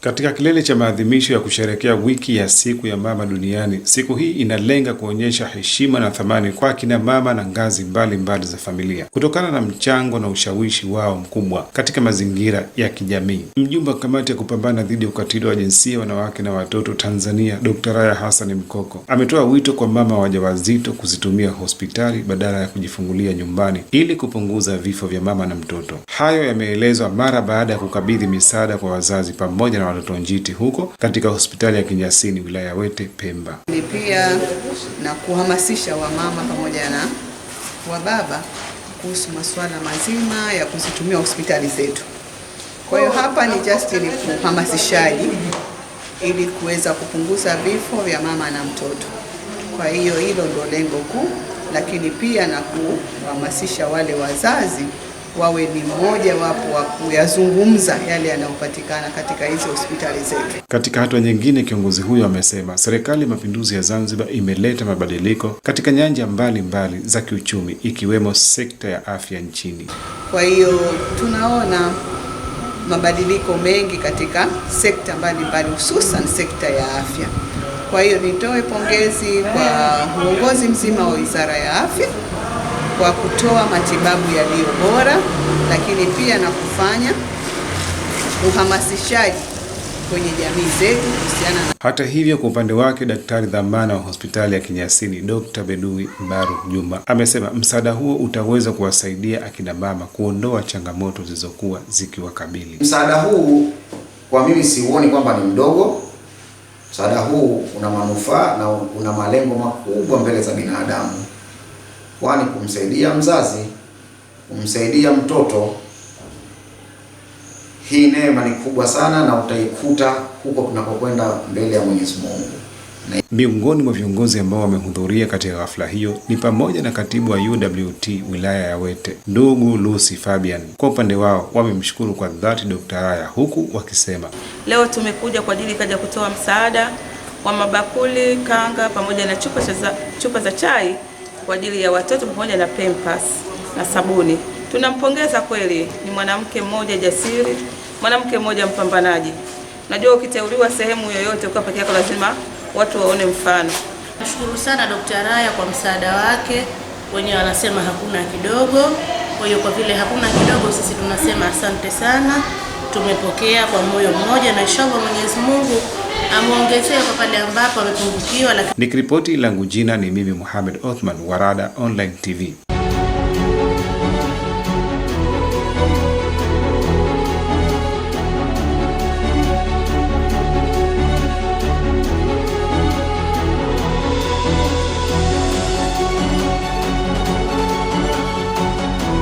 Katika kilele cha maadhimisho ya kusherekea wiki ya siku ya mama duniani, siku hii inalenga kuonyesha heshima na thamani kwa kina mama na ngazi mbalimbali mbali za familia kutokana na mchango na ushawishi wao mkubwa katika mazingira ya kijamii. Mjumbe wa kamati ya kupambana dhidi ya ukatili wa jinsia, wanawake na watoto Tanzania, Dr. Raya Hassan Mkoko ametoa wito kwa mama wajawazito kuzitumia hospitali badala ya kujifungulia nyumbani ili kupunguza vifo vya mama na mtoto. Hayo yameelezwa mara baada ya kukabidhi misaada kwa wazazi pamoja na watoto njiti huko katika hospitali ya Kinyasini wilaya ya Wete Pemba. Ni pia na kuhamasisha wamama pamoja na wababa kuhusu masuala mazima ya kuzitumia hospitali zetu. Kwa hiyo hapa ni just ni kuhamasishaji ili kuweza kupunguza vifo vya mama na mtoto. Kwa hiyo hilo ndio lengo kuu, lakini pia na kuhamasisha wale wazazi wawe ni mmoja wapo wa kuyazungumza yale yanayopatikana katika hizi hospitali zetu. Katika hatua nyingine, kiongozi huyo amesema Serikali ya Mapinduzi ya Zanzibar imeleta mabadiliko katika nyanja mbalimbali mbali za kiuchumi ikiwemo sekta ya afya nchini. Kwa hiyo tunaona mabadiliko mengi katika sekta mbalimbali hususan sekta ya afya. Kwa hiyo nitoe pongezi kwa uongozi mzima wa Wizara ya Afya kwa kutoa matibabu yaliyo bora, lakini pia na kufanya uhamasishaji kwenye jamii zetu kuhusiana na... Hata hivyo, kwa upande wake daktari dhamana wa hospitali ya Kinyasini Dr. Bedui Mbaruk Juma amesema msaada huo utaweza kuwasaidia akina mama kuondoa changamoto zilizokuwa zikiwakabili. Msaada huu kwa mimi siuoni kwamba ni mdogo. Msaada huu una manufaa na una malengo makubwa mbele za binadamu kwani kumsaidia mzazi, kumsaidia mtoto, hii neema ni kubwa sana na utaikuta huko tunapokwenda mbele ya Mwenyezi Mungu. Miongoni mwa viongozi ambao wamehudhuria katika hafla hiyo ni pamoja na katibu wa UWT wilaya ya Wete ndugu Lucy Fabian. Kwa upande wao wamemshukuru kwa dhati Dkt. Raya huku wakisema, leo tumekuja kwa ajili kaja kutoa msaada wa mabakuli, kanga pamoja na chupa za, chupa za chai kwa ajili ya watoto pamoja na Pampers na sabuni. Tunampongeza kweli, ni mwanamke mmoja jasiri, mwanamke mmoja mpambanaji. Najua ukiteuliwa sehemu yoyote ukiwa peke yako lazima watu waone mfano. Nashukuru sana Dr. Raya kwa msaada wake, wenyewe wanasema hakuna kidogo. Kwa hiyo kwa vile hakuna kidogo, sisi tunasema asante sana, tumepokea kwa moyo mmoja na inshallah Mwenyezi Mungu amwongezee kwa pale ambapo amepungukiwa. Nikiripoti langu jina ni mimi Mohamed Othman, Warada Online TV.